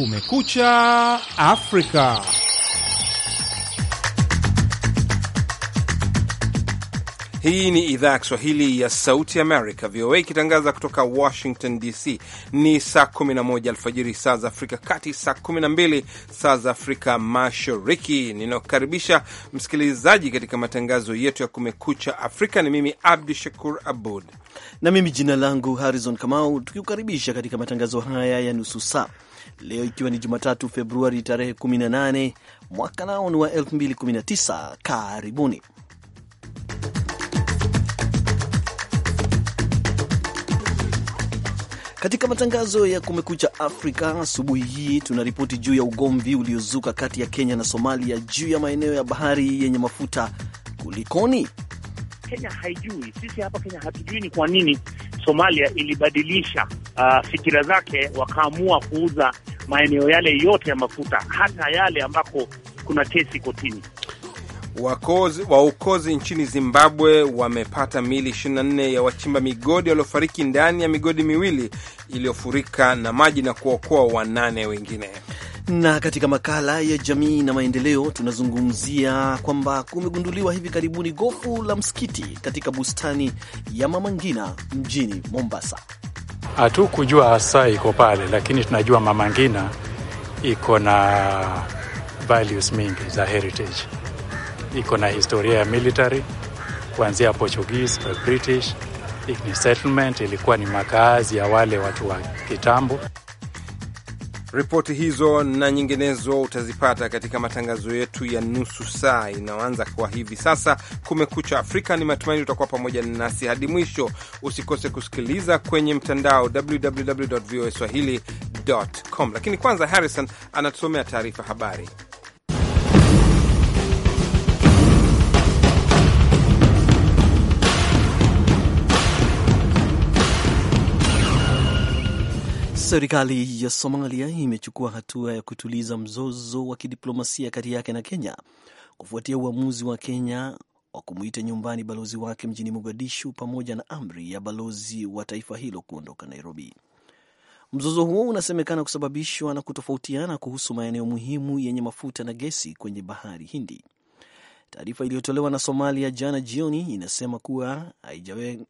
Kumekucha Afrika. Hii ni idhaa ya Kiswahili ya Sauti Amerika, VOA, ikitangaza kutoka Washington DC. Ni saa 11 alfajiri saa za Afrika Kati, saa 12 saa za Afrika Mashariki. Ninakukaribisha msikilizaji katika matangazo yetu ya Kumekucha Afrika. Ni mimi Abdu Shakur Abud na mimi jina langu Harrison Kamau, tukiukaribisha katika matangazo haya ya nusu saa leo ikiwa ni Jumatatu, Februari tarehe 18 mwaka nao ni wa 2019. Karibuni. Katika matangazo ya Kumekucha Afrika asubuhi hii tuna ripoti juu ya ugomvi uliozuka kati ya Kenya na Somalia juu ya maeneo ya bahari yenye mafuta. Kulikoni? Kenya haijui, sisi hapa Kenya hatujui ni kwa nini Somalia ilibadilisha uh, fikira zake wakaamua kuuza maeneo yale yote ya mafuta hata yale ambako kuna kesi kotini. Waokozi nchini Zimbabwe wamepata mili 24 ya wachimba migodi waliofariki ndani ya migodi miwili iliyofurika na maji na kuokoa wanane wengine. Na katika makala ya jamii na maendeleo, tunazungumzia kwamba kumegunduliwa hivi karibuni gofu la msikiti katika bustani ya Mama Ngina mjini Mombasa hatukujua hasa iko pale, lakini tunajua Mama Ngina iko na values mingi za heritage, iko na historia ya military kuanzia Portuguese, British, ni settlement, ilikuwa ni makaazi ya wale watu wa kitambo. Ripoti hizo na nyinginezo utazipata katika matangazo yetu ya nusu saa inayoanza kwa hivi sasa. Kumekucha Afrika, ni matumaini utakuwa pamoja nasi hadi mwisho. Usikose kusikiliza kwenye mtandao www voa swahili com, lakini kwanza Harrison anatusomea taarifa habari. Serikali ya Somalia imechukua hatua ya kutuliza mzozo wa kidiplomasia kati yake na Kenya kufuatia uamuzi wa Kenya wa kumwita nyumbani balozi wake mjini Mogadishu pamoja na amri ya balozi wa taifa hilo kuondoka Nairobi. Mzozo huo unasemekana kusababishwa na kutofautiana kuhusu maeneo muhimu yenye mafuta na gesi kwenye Bahari Hindi. Taarifa iliyotolewa na Somalia jana jioni inasema kuwa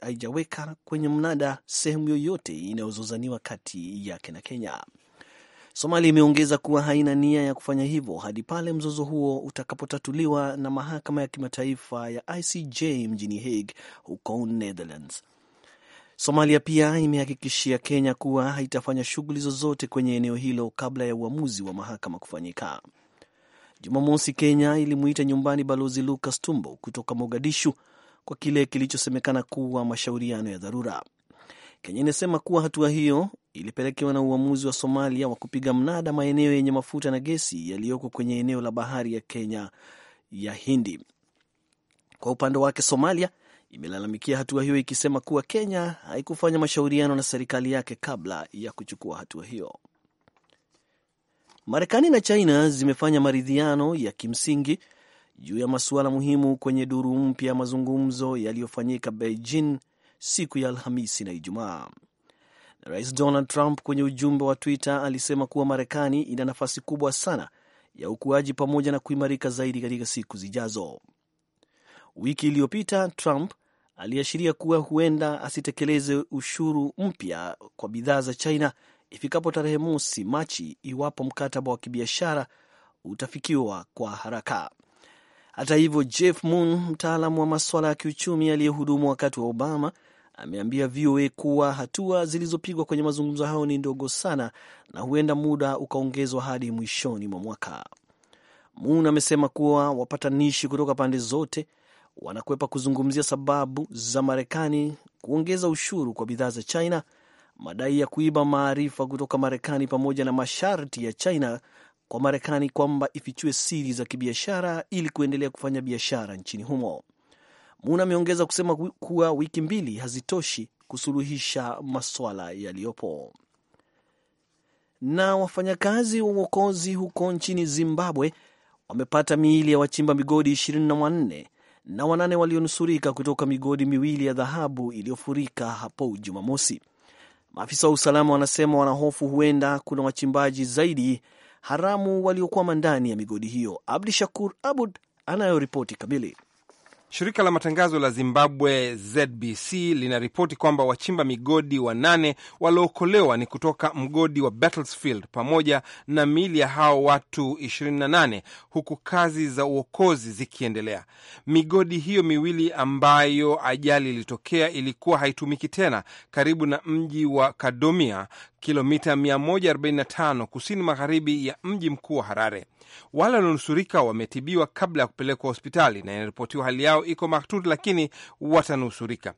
haijaweka kwenye mnada sehemu yoyote inayozozaniwa kati yake na Kenya. Somalia imeongeza kuwa haina nia ya kufanya hivyo hadi pale mzozo huo utakapotatuliwa na mahakama ya kimataifa ya ICJ mjini Hague huko Netherlands. Somalia pia imehakikishia Kenya kuwa haitafanya shughuli zozote kwenye eneo hilo kabla ya uamuzi wa mahakama kufanyika. Jumamosi, Kenya ilimuita nyumbani Balozi Lucas Tumbo kutoka Mogadishu kwa kile kilichosemekana kuwa mashauriano ya dharura. Kenya inasema kuwa hatua hiyo ilipelekewa na uamuzi wa Somalia wa kupiga mnada maeneo yenye mafuta na gesi yaliyoko kwenye eneo la bahari ya Kenya ya Hindi. Kwa upande wake, Somalia imelalamikia hatua hiyo ikisema kuwa Kenya haikufanya mashauriano na serikali yake kabla ya kuchukua hatua hiyo. Marekani na China zimefanya maridhiano ya kimsingi juu ya masuala muhimu kwenye duru mpya ya mazungumzo yaliyofanyika Beijing siku ya Alhamisi na Ijumaa. Rais Donald Trump kwenye ujumbe wa Twitter alisema kuwa Marekani ina nafasi kubwa sana ya ukuaji pamoja na kuimarika zaidi katika siku zijazo. Wiki iliyopita Trump aliashiria kuwa huenda asitekeleze ushuru mpya kwa bidhaa za China ifikapo tarehe mosi Machi iwapo mkataba wa kibiashara utafikiwa kwa haraka. Hata hivyo, Jeff Moon, mtaalamu wa maswala ya kiuchumi aliyehudumu wakati wa Obama, ameambia VOA kuwa hatua zilizopigwa kwenye mazungumzo hayo ni ndogo sana na huenda muda ukaongezwa hadi mwishoni mwa mwaka. Moon amesema kuwa wapatanishi kutoka pande zote wanakwepa kuzungumzia sababu za Marekani kuongeza ushuru kwa bidhaa za China madai ya kuiba maarifa kutoka Marekani pamoja na masharti ya China kwa Marekani kwamba ifichue siri za kibiashara ili kuendelea kufanya biashara nchini humo. Muna ameongeza kusema kuwa wiki mbili hazitoshi kusuluhisha maswala yaliyopo. Na wafanyakazi wa uokozi huko nchini Zimbabwe wamepata miili ya wachimba migodi 24 na wanane walionusurika kutoka migodi miwili ya dhahabu iliyofurika hapo Jumamosi. Maafisa wa usalama wanasema wanahofu huenda kuna wachimbaji zaidi haramu waliokwama ndani ya migodi hiyo. Abdi Shakur Abud anayo ripoti kamili. Shirika la matangazo la Zimbabwe ZBC linaripoti kwamba wachimba migodi wanane waliookolewa ni kutoka mgodi wa Battlefield pamoja na miili ya hao watu 28 huku kazi za uokozi zikiendelea. Migodi hiyo miwili ambayo ajali ilitokea ilikuwa haitumiki tena karibu na mji wa Kadomia kilomita 145 kusini magharibi ya mji mkuu wa Harare. Wale walionusurika wametibiwa kabla ya kupelekwa hospitali na inaripotiwa hali yao iko mahututi, lakini watanusurika.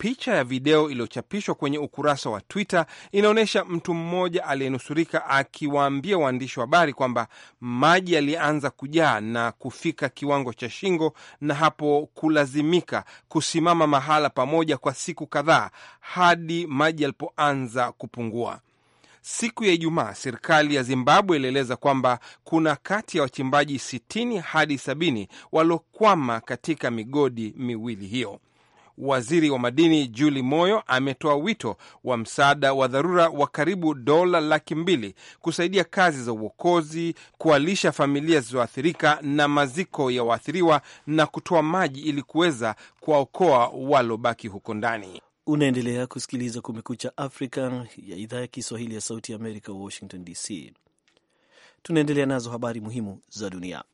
Picha ya video iliyochapishwa kwenye ukurasa wa Twitter inaonyesha mtu mmoja aliyenusurika akiwaambia waandishi wa habari kwamba maji yalianza kujaa na kufika kiwango cha shingo, na hapo kulazimika kusimama mahala pamoja kwa siku kadhaa hadi maji yalipoanza kupungua. Siku ya Ijumaa, serikali ya Zimbabwe ilieleza kwamba kuna kati ya wachimbaji 60 hadi 70 waliokwama katika migodi miwili hiyo. Waziri wa madini Juli Moyo ametoa wito wa msaada wa dharura wa karibu dola laki mbili kusaidia kazi za uokozi, kualisha familia zilizoathirika na maziko ya waathiriwa na kutoa maji ili kuweza kuwaokoa walobaki huko ndani. Unaendelea kusikiliza Kumekucha Afrika ya idhaa ya Kiswahili ya Sauti ya Amerika, Washington DC. Tunaendelea nazo habari muhimu za dunia.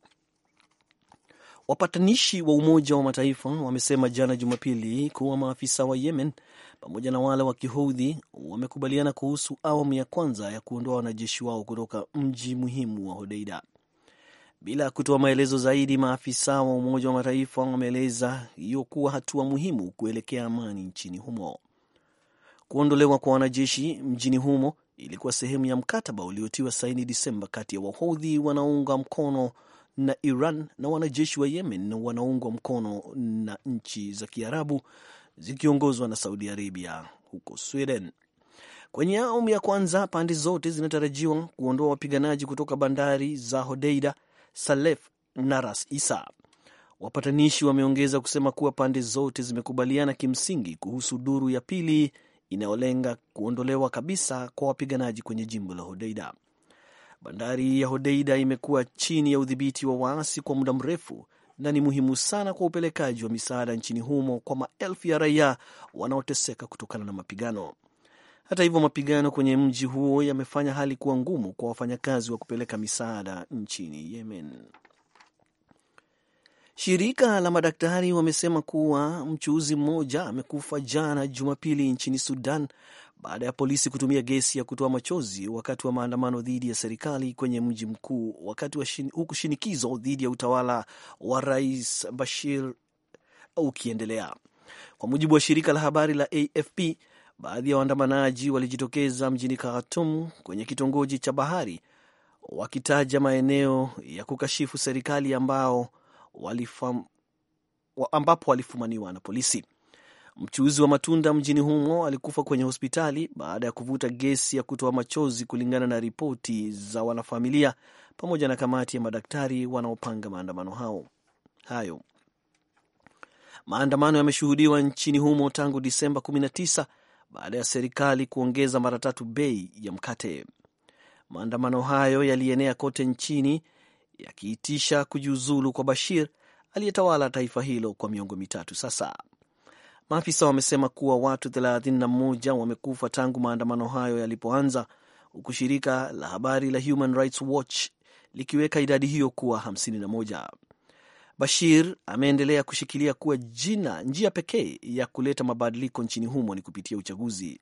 Wapatanishi wa Umoja wa Mataifa wamesema jana Jumapili kuwa maafisa wa Yemen pamoja na wale wa Kihoudhi wamekubaliana kuhusu awamu ya kwanza ya kuondoa wanajeshi wao kutoka mji muhimu wa Hodeida. Bila kutoa maelezo zaidi, maafisa wa Umoja wa Mataifa wameeleza hiyo kuwa hatua muhimu kuelekea amani nchini humo. Kuondolewa kwa wanajeshi mjini humo ilikuwa sehemu ya mkataba uliotiwa saini disemba kati ya Wahoudhi wanaounga mkono na Iran na wanajeshi wa Yemen wanaungwa mkono na nchi za Kiarabu zikiongozwa na Saudi Arabia huko Sweden. Kwenye awamu ya kwanza, pande zote zinatarajiwa kuondoa wapiganaji kutoka bandari za Hodeida, Salef na Ras Isa. Wapatanishi wameongeza kusema kuwa pande zote zimekubaliana kimsingi kuhusu duru ya pili inayolenga kuondolewa kabisa kwa wapiganaji kwenye jimbo la Hodeida. Bandari ya Hodeida imekuwa chini ya udhibiti wa waasi kwa muda mrefu na ni muhimu sana kwa upelekaji wa misaada nchini humo kwa maelfu ya raia wanaoteseka kutokana na mapigano. Hata hivyo, mapigano kwenye mji huo yamefanya hali kuwa ngumu kwa wafanyakazi wa kupeleka misaada nchini Yemen. Shirika la madaktari wamesema kuwa mchuuzi mmoja amekufa jana Jumapili nchini Sudan baada ya polisi kutumia gesi ya kutoa machozi wakati wa maandamano dhidi ya serikali kwenye mji mkuu, wakati huku shinikizo dhidi ya utawala wa Rais Bashir ukiendelea. Kwa mujibu wa shirika la habari la AFP, baadhi ya waandamanaji walijitokeza mjini Khartoum kwenye kitongoji cha Bahari wakitaja maeneo ya kukashifu serikali ambao walifam, ambapo walifumaniwa na polisi. Mchuuzi wa matunda mjini humo alikufa kwenye hospitali baada ya kuvuta gesi ya kutoa machozi, kulingana na ripoti za wanafamilia pamoja na kamati ya madaktari wanaopanga maandamano hao hayo. Maandamano yameshuhudiwa nchini humo tangu Disemba 19 baada ya serikali kuongeza mara tatu bei ya mkate. Maandamano hayo yalienea kote nchini yakiitisha kujiuzulu kwa Bashir aliyetawala taifa hilo kwa miongo mitatu sasa. Maafisa wamesema kuwa watu 31 wamekufa tangu maandamano hayo yalipoanza, huku shirika la habari la Human Rights Watch likiweka idadi hiyo kuwa 51. Bashir ameendelea kushikilia kuwa jina njia pekee ya kuleta mabadiliko nchini humo ni kupitia uchaguzi.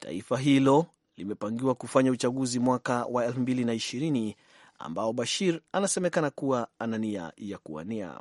Taifa hilo limepangiwa kufanya uchaguzi mwaka wa 2020 ambao Bashir anasemekana kuwa ana nia ya kuwania.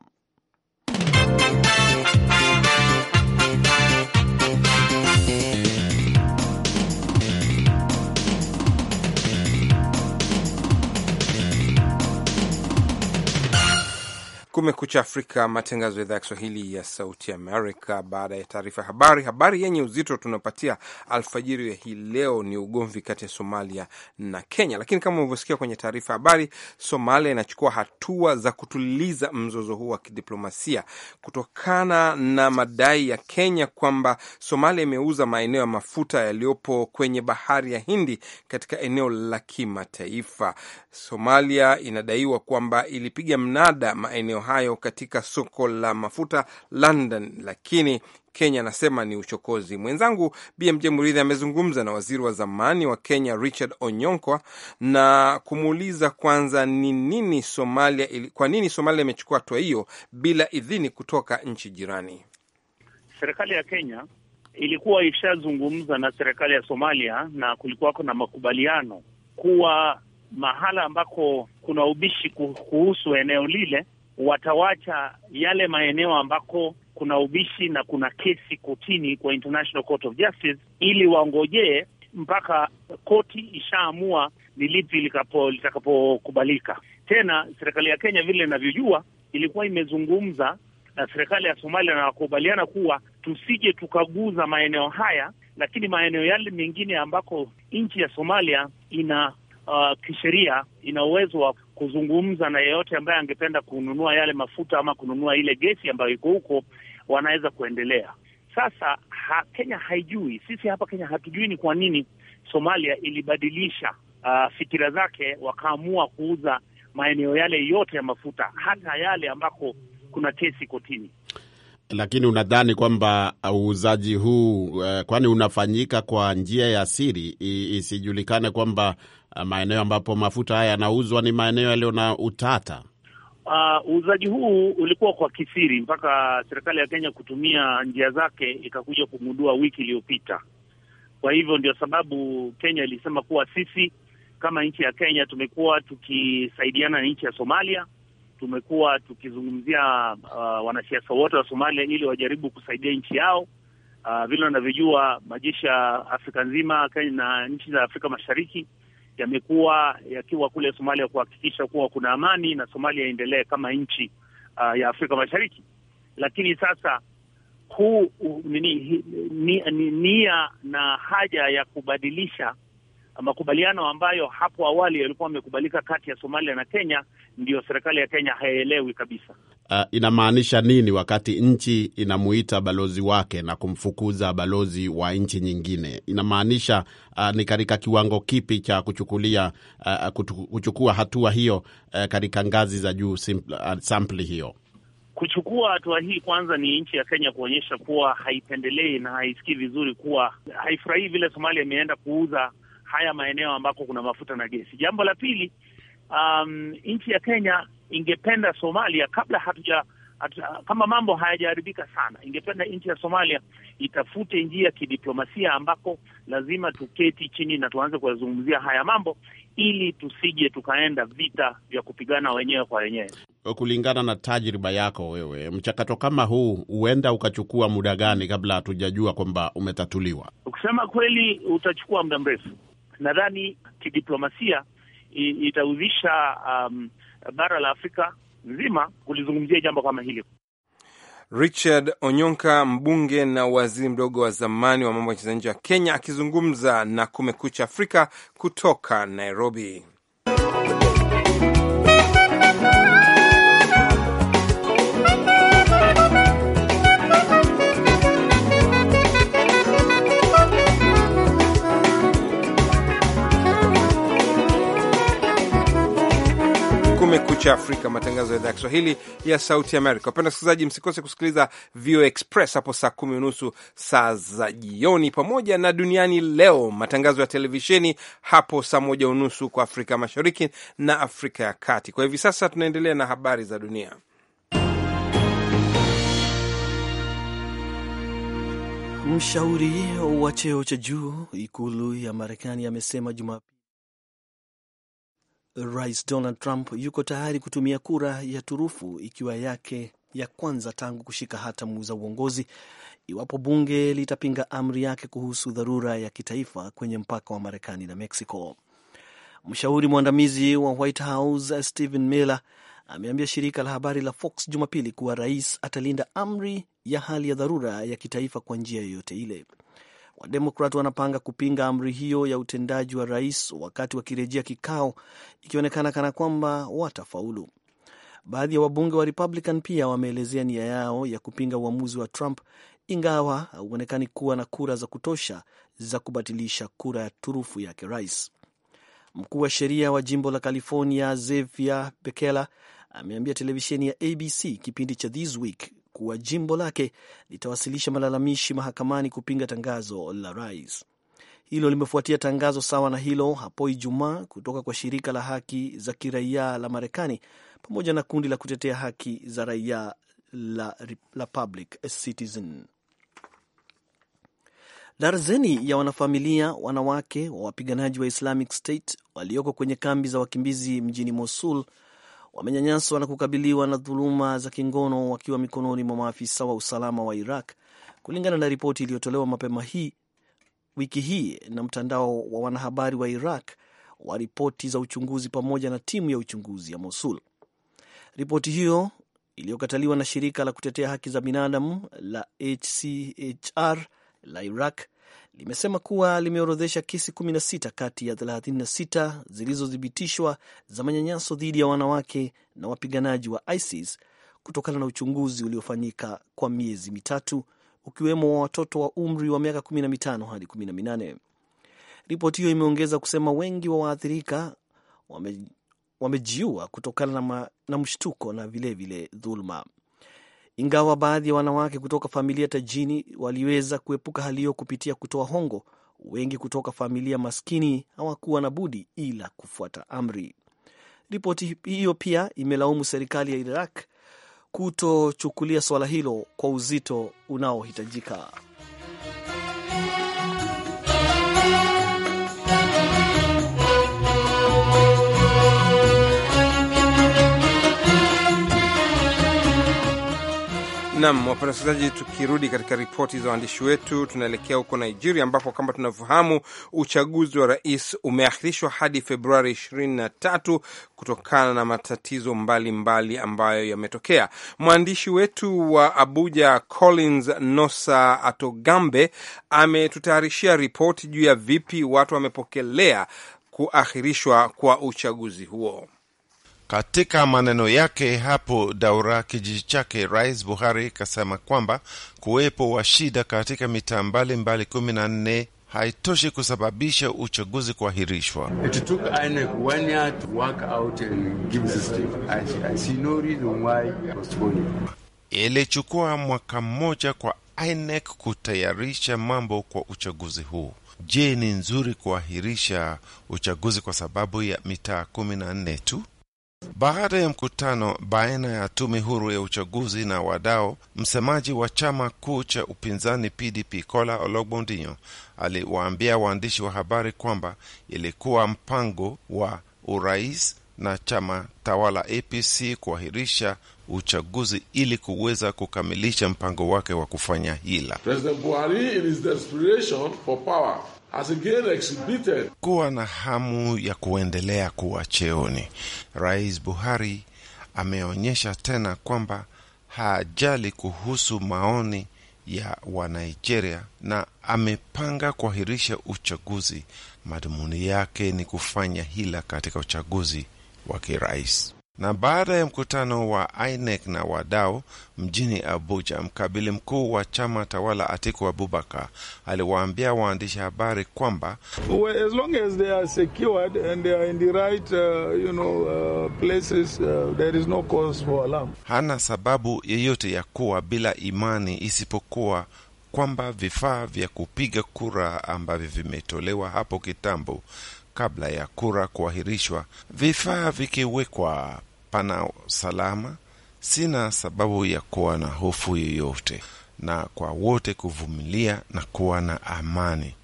Kumekucha Afrika, matangazo ya idhaa ya Kiswahili ya Sauti Amerika. Baada ya taarifa ya habari, habari yenye uzito tunapatia alfajiri ya hii leo ni ugomvi kati ya Somalia na Kenya. Lakini kama ulivyosikia kwenye taarifa ya habari, Somalia inachukua hatua za kutuliza mzozo huu wa kidiplomasia kutokana na madai ya Kenya kwamba Somalia imeuza maeneo ya mafuta yaliyopo kwenye bahari ya Hindi katika eneo la kimataifa. Somalia inadaiwa kwamba ilipiga mnada maeneo haya hayo katika soko la mafuta London, lakini Kenya anasema ni uchokozi. Mwenzangu BMJ Muridhi amezungumza na waziri wa zamani wa Kenya Richard Onyonkwa na kumuuliza kwanza ni nini Somalia, kwa nini Somalia imechukua hatua hiyo bila idhini kutoka nchi jirani. Serikali ya Kenya ilikuwa ishazungumza na serikali ya Somalia na kulikuwako na makubaliano kuwa mahala ambako kuna ubishi kuhusu eneo lile watawacha yale maeneo ambako kuna ubishi na kuna kesi kotini kwa International Court of Justice ili wangojee mpaka koti ishaamua ni lipi litakapokubalika. Tena serikali ya Kenya vile inavyojua, ilikuwa imezungumza na serikali ya Somalia na wakubaliana kuwa tusije tukaguza maeneo haya, lakini maeneo yale mengine ambako nchi ya Somalia ina uh, kisheria ina uwezo wa kuzungumza na yeyote ambaye angependa kununua yale mafuta ama kununua ile gesi ambayo iko huko, wanaweza kuendelea. Sasa ha, Kenya haijui, sisi hapa Kenya hatujui ni kwa nini Somalia ilibadilisha uh, fikira zake, wakaamua kuuza maeneo yale yote ya mafuta, hata yale ambako kuna kesi kotini. Lakini unadhani kwamba uuzaji huu uh, kwani unafanyika kwa njia ya siri isijulikane kwamba maeneo ambapo mafuta haya yanauzwa ni maeneo yaliyo na utata? Uh, uuzaji uh, huu ulikuwa kwa kisiri mpaka serikali ya Kenya kutumia njia zake ikakuja kugundua wiki iliyopita. Kwa hivyo ndio sababu Kenya ilisema kuwa sisi kama nchi ya Kenya tumekuwa tukisaidiana na nchi ya Somalia, tumekuwa tukizungumzia uh, wanasiasa wote wa Somalia ili wajaribu kusaidia nchi yao. Uh, vile wanavyojua majeshi ya Afrika nzima Kenya na nchi za Afrika Mashariki yamekuwa yakiwa kule Somalia kuhakikisha kuwa kuna amani na Somalia iendelee kama nchi uh, ya Afrika Mashariki. Lakini sasa huu nia ni, ni na haja ya kubadilisha uh, makubaliano ambayo hapo awali yalikuwa yamekubalika kati ya Somalia na Kenya, ndiyo serikali ya Kenya haielewi kabisa uh, inamaanisha nini wakati nchi inamuita balozi wake na kumfukuza balozi wa nchi nyingine? Inamaanisha uh, ni katika kiwango kipi cha kuchukulia uh, kuchukua hatua hiyo uh, katika ngazi za juu uh, sampli hiyo kuchukua hatua hii, kwanza ni nchi ya Kenya kuonyesha kuwa haipendelei na haisikii vizuri, kuwa haifurahii vile Somalia imeenda kuuza haya maeneo ambako kuna mafuta na gesi. Jambo la pili, um, nchi ya Kenya ingependa Somalia kabla hatuja hatuja, kama mambo hayajaharibika sana, ingependa nchi ya Somalia itafute njia ya kidiplomasia ambako lazima tuketi chini na tuanze kuyazungumzia haya mambo ili tusije tukaenda vita vya kupigana wenyewe kwa wenyewe. Kulingana na tajriba yako wewe, mchakato kama huu huenda ukachukua muda gani kabla hatujajua kwamba umetatuliwa? Ukisema kweli, utachukua muda mrefu. Nadhani kidiplomasia itahuzisha um, bara la Afrika nzima kulizungumzia jambo kama hili. Richard Onyonka, mbunge na waziri mdogo wa zamani wa mambo ya nje wa Kenya, akizungumza na Kumekucha Afrika kutoka Nairobi. Kumekucha Afrika, matangazo ya idhaa ya Kiswahili ya Sauti Amerika. Wapenda wasikilizaji, msikose kusikiliza VOA Express hapo saa kumi unusu saa za jioni, pamoja na Duniani Leo, matangazo ya televisheni hapo saa moja unusu kwa Afrika Mashariki na Afrika ya Kati. Kwa hivi sasa tunaendelea na habari za dunia. Mshauri wa cheo cha juu ikulu ya Marekani amesema Jumapili Rais Donald Trump yuko tayari kutumia kura ya turufu ikiwa yake ya kwanza tangu kushika hatamu za uongozi iwapo bunge litapinga amri yake kuhusu dharura ya kitaifa kwenye mpaka wa Marekani na Mexico. Mshauri mwandamizi wa White House Stephen Miller ameambia shirika la habari la Fox Jumapili kuwa rais atalinda amri ya hali ya dharura ya kitaifa kwa njia yoyote ile. Wademokrat wanapanga kupinga amri hiyo ya utendaji wa rais wakati wakirejea kikao, ikionekana kana kwamba watafaulu. Baadhi ya wabunge wa Republican pia wameelezea nia yao ya kupinga uamuzi wa Trump, ingawa hauonekani kuwa na kura za kutosha za kubatilisha kura ya turufu yake rais. Mkuu wa sheria wa jimbo la California Xavier bekela ameambia televisheni ya ABC kipindi cha This Week kuwa jimbo lake litawasilisha malalamishi mahakamani kupinga tangazo la rais. Hilo limefuatia tangazo sawa na hilo hapo Ijumaa kutoka kwa shirika la haki za kiraia la Marekani pamoja na kundi la kutetea haki za raia la, la Public Citizen. Darzeni ya wanafamilia wanawake wa wapiganaji wa Islamic State walioko kwenye kambi za wakimbizi mjini Mosul wamenyanyaswa na kukabiliwa na dhuluma za kingono wakiwa mikononi mwa maafisa wa usalama wa Iraq, kulingana na ripoti iliyotolewa mapema hii wiki hii na mtandao wa wanahabari wa Iraq wa ripoti za uchunguzi pamoja na timu ya uchunguzi ya Mosul. Ripoti hiyo iliyokataliwa na shirika la kutetea haki za binadamu la HCHR la Iraq limesema kuwa limeorodhesha kesi 16 kati ya 36 zilizothibitishwa za manyanyaso dhidi ya wanawake na wapiganaji wa ISIS kutokana na uchunguzi uliofanyika kwa miezi mitatu ukiwemo wa watoto wa umri wa miaka 15 hadi 18. Ripoti hiyo imeongeza kusema wengi wa waathirika wame, wamejiua kutokana na, na mshtuko na vilevile dhuluma. Ingawa baadhi ya wanawake kutoka familia tajini waliweza kuepuka hali hiyo kupitia kutoa hongo, wengi kutoka familia maskini hawakuwa na budi ila kufuata amri. Ripoti hiyo pia imelaumu serikali ya Iraq kutochukulia suala hilo kwa uzito unaohitajika. Nam, wapenda wasikilizaji, tukirudi katika ripoti za waandishi wetu, tunaelekea huko Nigeria ambapo kama tunavyofahamu uchaguzi wa rais umeahirishwa hadi Februari 23 kutokana na matatizo mbalimbali mbali ambayo yametokea. Mwandishi wetu wa Abuja Collins Nosa Atogambe ametutayarishia ripoti juu ya vipi watu wamepokelea kuahirishwa kwa uchaguzi huo. Katika maneno yake hapo Daura, kijiji chake, Rais Buhari kasema kwamba kuwepo wa shida katika mitaa mbalimbali kumi na nne haitoshi kusababisha uchaguzi kuahirishwa. Ilichukua mwaka mmoja kwa INEC kutayarisha mambo kwa uchaguzi huu. Je, ni nzuri kuahirisha uchaguzi kwa sababu ya mitaa kumi na nne tu? Baada ya mkutano baina ya tume huru ya uchaguzi na wadao msemaji wa chama kuu cha upinzani PDP Kola Ologbondinyo aliwaambia waandishi wa habari kwamba ilikuwa mpango wa urais na chama tawala APC kuahirisha uchaguzi ili kuweza kukamilisha mpango wake wa kufanya hila. President Buhari in his desperation for power kuwa na hamu ya kuendelea kuwa cheoni. Rais Buhari ameonyesha tena kwamba hajali kuhusu maoni ya Wanigeria na amepanga kuahirisha uchaguzi. Madhumuni yake ni kufanya hila katika uchaguzi wa kirais. Na baada ya mkutano wa INEC na wadau mjini Abuja, mkabili mkuu wa chama tawala Atiku Abubakar aliwaambia waandishi habari kwamba well, as long as they are secured and they are in the right uh, you know, uh, places uh, there is no cause for alarm. Hana sababu yeyote ya kuwa bila imani isipokuwa kwamba vifaa vya kupiga kura ambavyo vimetolewa hapo kitambo kabla ya kura kuahirishwa, vifaa vikiwekwa pana salama. Sina sababu ya kuwa na hofu yoyote, na kwa wote kuvumilia na kuwa na amani.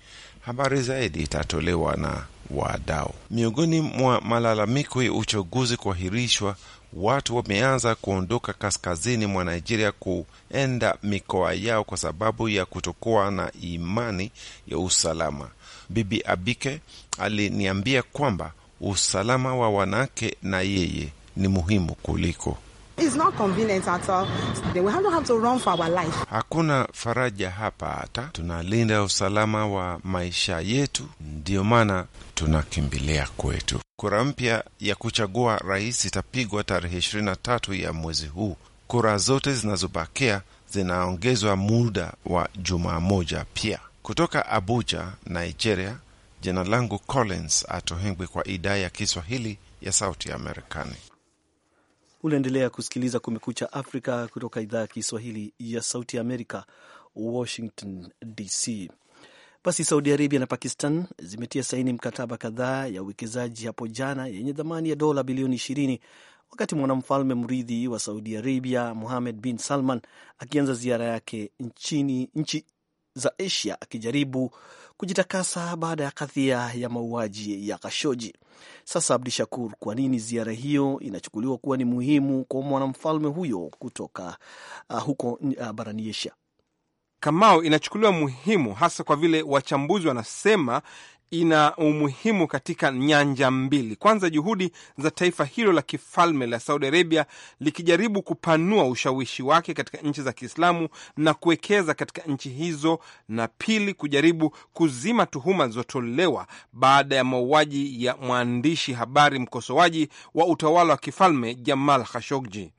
Habari zaidi itatolewa na wadau. Miongoni mwa malalamiko ya uchaguzi kuahirishwa, watu wameanza kuondoka kaskazini mwa Nigeria kuenda mikoa yao kwa sababu ya kutokuwa na imani ya usalama. Bibi Abike aliniambia kwamba usalama wa wanawake na yeye ni muhimu kuliko Hakuna faraja hapa, hata tunalinda usalama wa maisha yetu, ndiyo maana tunakimbilia kwetu. Kura mpya ya kuchagua rais itapigwa tarehe 23 ya mwezi huu. Kura zote zinazobakia zinaongezwa muda wa jumaa moja pia. Kutoka Abuja, Nigeria, jina langu Collins Atohengwi kwa idhaa ya Kiswahili ya Sauti ya Amerikani. Unaendelea kusikiliza Kumekucha Afrika kutoka idhaa ya Kiswahili ya Sauti ya Amerika, Washington DC. Basi Saudi Arabia na Pakistan zimetia saini mkataba kadhaa ya uwekezaji hapo jana yenye thamani ya dola bilioni 20 wakati mwanamfalme mrithi wa Saudi Arabia muhamed bin Salman akianza ziara yake nchini, nchi za Asia akijaribu kujitakasa baada ya kadhia ya mauaji ya kashoji Sasa Abdi Shakur, kwa nini ziara hiyo inachukuliwa kuwa ni muhimu kwa mwanamfalme huyo kutoka uh, huko uh, barani Asia? Kamao inachukuliwa muhimu hasa kwa vile wachambuzi wanasema ina umuhimu katika nyanja mbili. Kwanza, juhudi za taifa hilo la kifalme la Saudi Arabia likijaribu kupanua ushawishi wake katika nchi za Kiislamu na kuwekeza katika nchi hizo, na pili, kujaribu kuzima tuhuma zilizotolewa baada ya mauaji ya mwandishi habari mkosoaji wa utawala wa kifalme Jamal Khashoggi.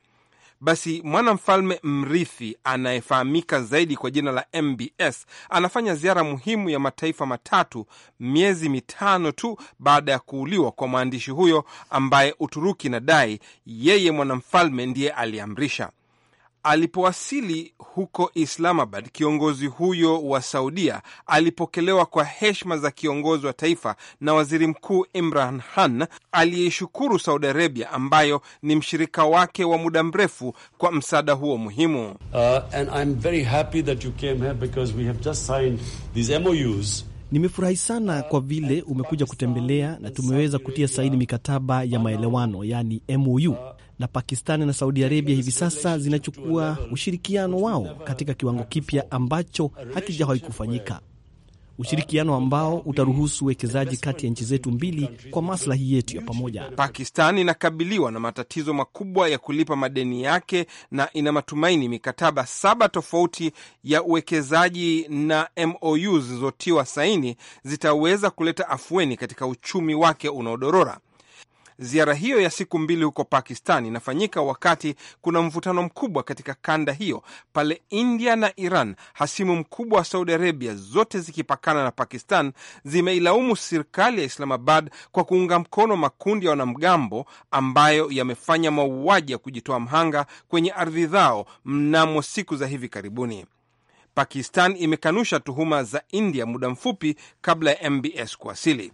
Basi mwanamfalme mrithi anayefahamika zaidi kwa jina la MBS anafanya ziara muhimu ya mataifa matatu miezi mitano tu baada ya kuuliwa kwa mwandishi huyo ambaye Uturuki inadai yeye mwanamfalme ndiye aliamrisha. Alipowasili huko Islamabad, kiongozi huyo wa Saudia alipokelewa kwa heshima za kiongozi wa taifa na waziri mkuu Imran Khan aliyeishukuru Saudi Arabia ambayo ni mshirika wake wa muda mrefu kwa msaada huo muhimu. Uh, nimefurahi sana kwa vile umekuja kutembelea na tumeweza kutia saini mikataba ya maelewano, yani MOU na Pakistani na Saudi Arabia hivi sasa zinachukua ushirikiano wao katika kiwango kipya ambacho hakijawahi kufanyika, ushirikiano ambao utaruhusu uwekezaji kati ya nchi zetu mbili kwa maslahi yetu ya pamoja. Pakistan inakabiliwa na matatizo makubwa ya kulipa madeni yake na ina matumaini mikataba saba tofauti ya uwekezaji na MOU zilizotiwa saini zitaweza kuleta afueni katika uchumi wake unaodorora. Ziara hiyo ya siku mbili huko Pakistan inafanyika wakati kuna mvutano mkubwa katika kanda hiyo, pale India na Iran, hasimu mkubwa wa Saudi Arabia, zote zikipakana na Pakistan, zimeilaumu serikali ya Islamabad kwa kuunga mkono makundi ya wanamgambo ambayo yamefanya mauaji ya kujitoa mhanga kwenye ardhi zao mnamo siku za hivi karibuni. Pakistan imekanusha tuhuma za India muda mfupi kabla ya MBS kuwasili.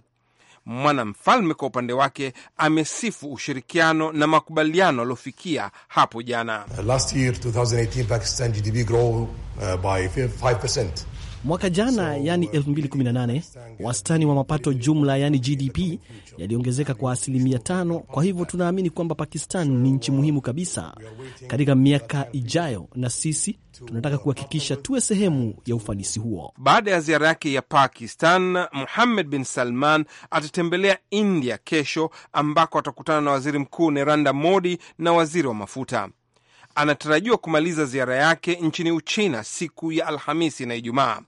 Mwanamfalme kwa upande wake amesifu ushirikiano na makubaliano aliofikia hapo jana. Uh, last year, 2018, Pakistan GDP grow uh, by 5%. Mwaka jana, yani 2018, uh, wastani wa mapato jumla, yani GDP, yaliongezeka kwa asilimia tano. Kwa hivyo tunaamini kwamba Pakistan ni nchi muhimu kabisa katika miaka ijayo, na sisi tunataka kuhakikisha tuwe sehemu ya ufanisi huo. Baada ya ziara yake ya Pakistan, Muhammad bin Salman atatembelea India kesho, ambako atakutana na waziri mkuu Narendra Modi na waziri wa mafuta anatarajiwa kumaliza ziara yake nchini Uchina siku ya Alhamisi na Ijumaa.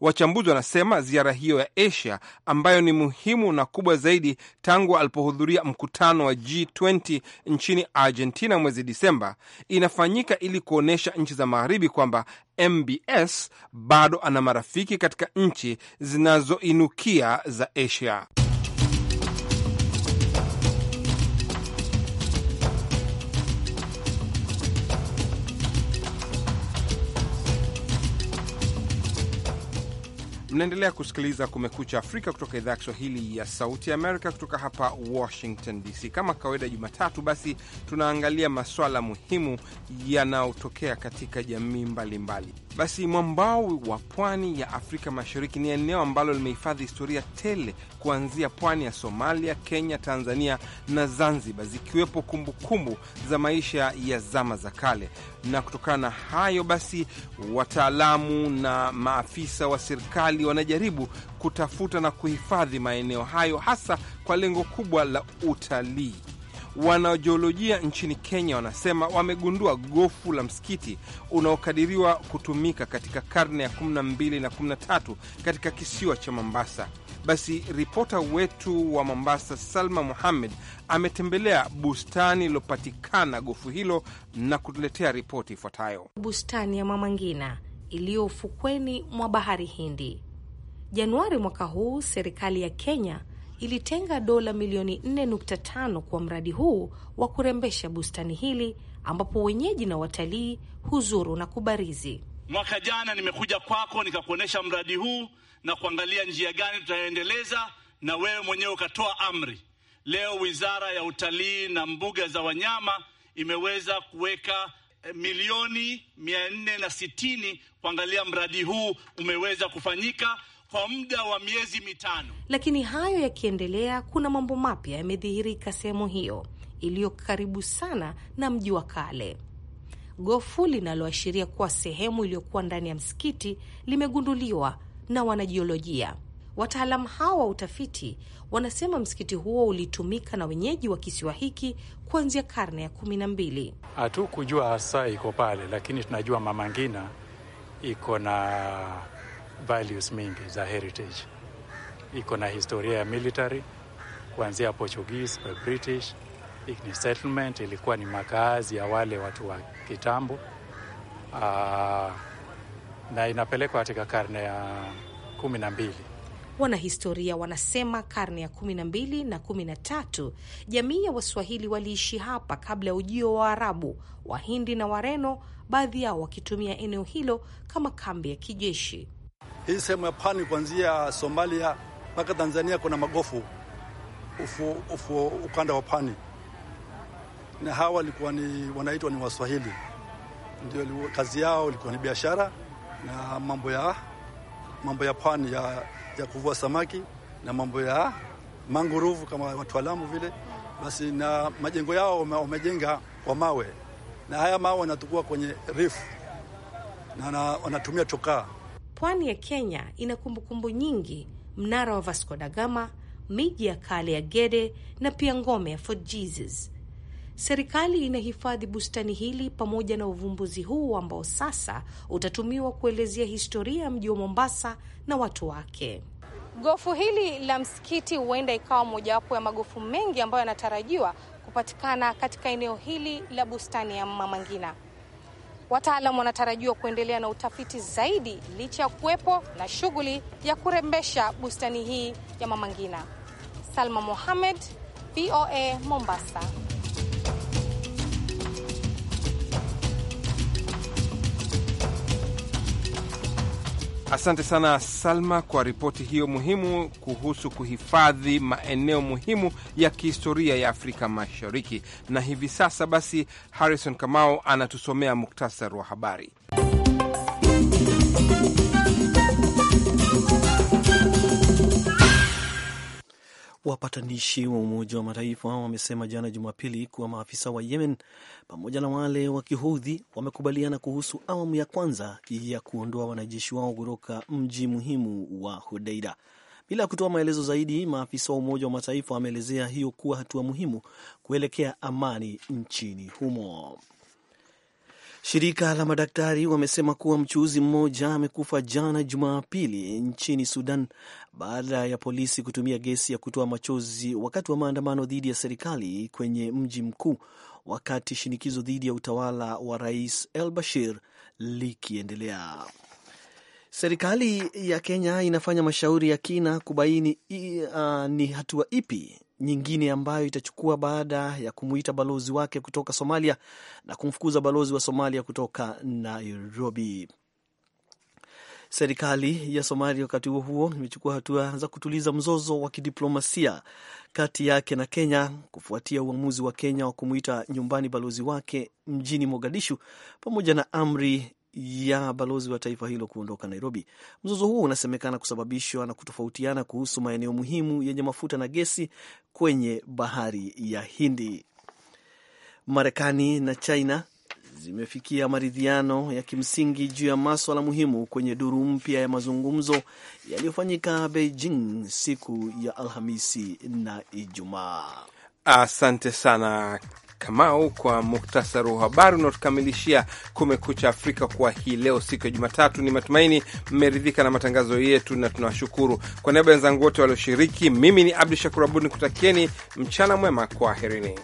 Wachambuzi wanasema ziara hiyo ya Asia ambayo ni muhimu na kubwa zaidi tangu alipohudhuria mkutano wa G20 nchini Argentina mwezi Disemba inafanyika ili kuonyesha nchi za magharibi kwamba MBS bado ana marafiki katika nchi zinazoinukia za Asia. Mnaendelea kusikiliza Kumekucha Afrika kutoka idhaa ya Kiswahili ya Sauti Amerika, kutoka hapa Washington DC. Kama kawaida Jumatatu, basi tunaangalia maswala muhimu yanayotokea katika jamii mbalimbali mbali. Basi mwambao wa pwani ya Afrika Mashariki ni eneo ambalo limehifadhi historia tele kuanzia pwani ya Somalia, Kenya, Tanzania na Zanzibar, zikiwepo kumbukumbu za maisha ya zama za kale. Na kutokana na hayo basi, wataalamu na maafisa wa serikali wanajaribu kutafuta na kuhifadhi maeneo hayo, hasa kwa lengo kubwa la utalii. Wanajiolojia nchini Kenya wanasema wamegundua gofu la msikiti unaokadiriwa kutumika katika karne ya 12 na 13 katika kisiwa cha Mombasa. Basi ripota wetu wa Mombasa, Salma Muhammed, ametembelea bustani lilopatikana gofu hilo na kutuletea ripoti ifuatayo. Bustani ya Mama Ngina iliyo ufukweni mwa bahari Hindi. Januari mwaka huu serikali ya Kenya ilitenga dola milioni 4.5 kwa mradi huu wa kurembesha bustani hili ambapo wenyeji na watalii huzuru na kubarizi. Mwaka jana nimekuja kwako nikakuonyesha mradi huu na kuangalia njia gani tutaendeleza, na wewe mwenyewe ukatoa amri. Leo Wizara ya Utalii na Mbuga za Wanyama imeweza kuweka eh, milioni mia nne na sitini kuangalia mradi huu umeweza kufanyika kwa muda wa miezi mitano. Lakini hayo yakiendelea, kuna mambo mapya yamedhihirika sehemu hiyo iliyo karibu sana na mji wa kale. Gofu linaloashiria kuwa sehemu iliyokuwa ndani ya msikiti limegunduliwa na wanajiolojia. Wataalamu hao wa utafiti wanasema msikiti huo ulitumika na wenyeji wa kisiwa hiki kuanzia karne ya kumi na mbili. Hatukujua hasa iko pale, lakini tunajua Mama Ngina iko na values mingi za heritage. Iko na historia ya military kuanzia Portuguese kwa British. Ni settlement ilikuwa ni makaazi ya wale watu wa kitambo aa, ah, na inapelekwa katika karne ya kumi na mbili. Wanahistoria wanasema karne ya kumi na mbili na kumi na tatu jamii ya Waswahili waliishi hapa kabla ya ujio wa arabu Wahindi na Wareno, baadhi yao wakitumia eneo hilo kama kambi ya kijeshi hii sehemu ya pwani kuanzia Somalia mpaka Tanzania kuna magofu ufu, ufu, ukanda wa pwani, na hawa walikuwa ni wanaitwa ni Waswahili, ndio kazi yao ilikuwa ni biashara na mambo ya mambo ya pwani ya, ya kuvua samaki na mambo ya manguruvu kama watu alamu vile basi, na majengo yao wamejenga kwa mawe, na haya mawe wanatukua kwenye rifu na wanatumia chokaa Pwani ya Kenya ina kumbukumbu nyingi: mnara wa Vasco da Gama, miji ya kale ya Gede na pia ngome ya Fort Jesus. Serikali inahifadhi bustani hili pamoja na uvumbuzi huu ambao sasa utatumiwa kuelezea historia ya mji wa Mombasa na watu wake. Gofu hili la msikiti huenda ikawa mojawapo ya magofu mengi ambayo yanatarajiwa kupatikana katika eneo hili la bustani ya Mama Ngina wataalamu wanatarajiwa kuendelea na utafiti zaidi licha ya kuwepo na shughuli ya kurembesha bustani hii ya Mama Ngina. Salma Mohamed, VOA Mombasa. Asante sana Salma kwa ripoti hiyo muhimu kuhusu kuhifadhi maeneo muhimu ya kihistoria ya Afrika Mashariki. Na hivi sasa basi, Harrison Kamau anatusomea muktasar wa habari. Wapatanishi wa Umoja wa Mataifa wamesema jana Jumapili kuwa maafisa wa Yemen pamoja na wale wa Kihudhi wamekubaliana kuhusu awamu ya kwanza ya kuondoa wanajeshi wao kutoka mji muhimu wa Hodeida. Bila ya kutoa maelezo zaidi, maafisa wa Umoja wa Mataifa wameelezea hiyo kuwa hatua muhimu kuelekea amani nchini humo. Shirika la madaktari wamesema kuwa mchuuzi mmoja amekufa jana Jumapili nchini Sudan baada ya polisi kutumia gesi ya kutoa machozi wakati wa maandamano dhidi ya serikali kwenye mji mkuu, wakati shinikizo dhidi ya utawala wa Rais El Bashir likiendelea. Serikali ya Kenya inafanya mashauri ya kina kubaini uh, ni hatua ipi nyingine ambayo itachukua baada ya kumuita balozi wake kutoka Somalia na kumfukuza balozi wa Somalia kutoka Nairobi. Serikali ya Somalia wakati huo huo imechukua hatua za kutuliza mzozo wa kidiplomasia kati yake na Kenya kufuatia uamuzi wa Kenya wa kumuita nyumbani balozi wake mjini Mogadishu pamoja na amri ya balozi wa taifa hilo kuondoka Nairobi. Mzozo huo unasemekana kusababishwa na kutofautiana kuhusu maeneo muhimu yenye mafuta na gesi kwenye bahari ya Hindi. Marekani na China zimefikia maridhiano ya kimsingi juu ya maswala muhimu kwenye duru mpya ya mazungumzo yaliyofanyika Beijing siku ya Alhamisi na Ijumaa. Asante sana Kamau kwa muktasari wa habari unaotukamilishia Kumekucha Afrika kwa hii leo, siku ya Jumatatu. Ni matumaini mmeridhika na matangazo yetu na tunawashukuru kwa niaba ya wenzangu wote walioshiriki. Mimi ni Abdu Shakur Abud nikutakieni mchana mwema, kwaherini.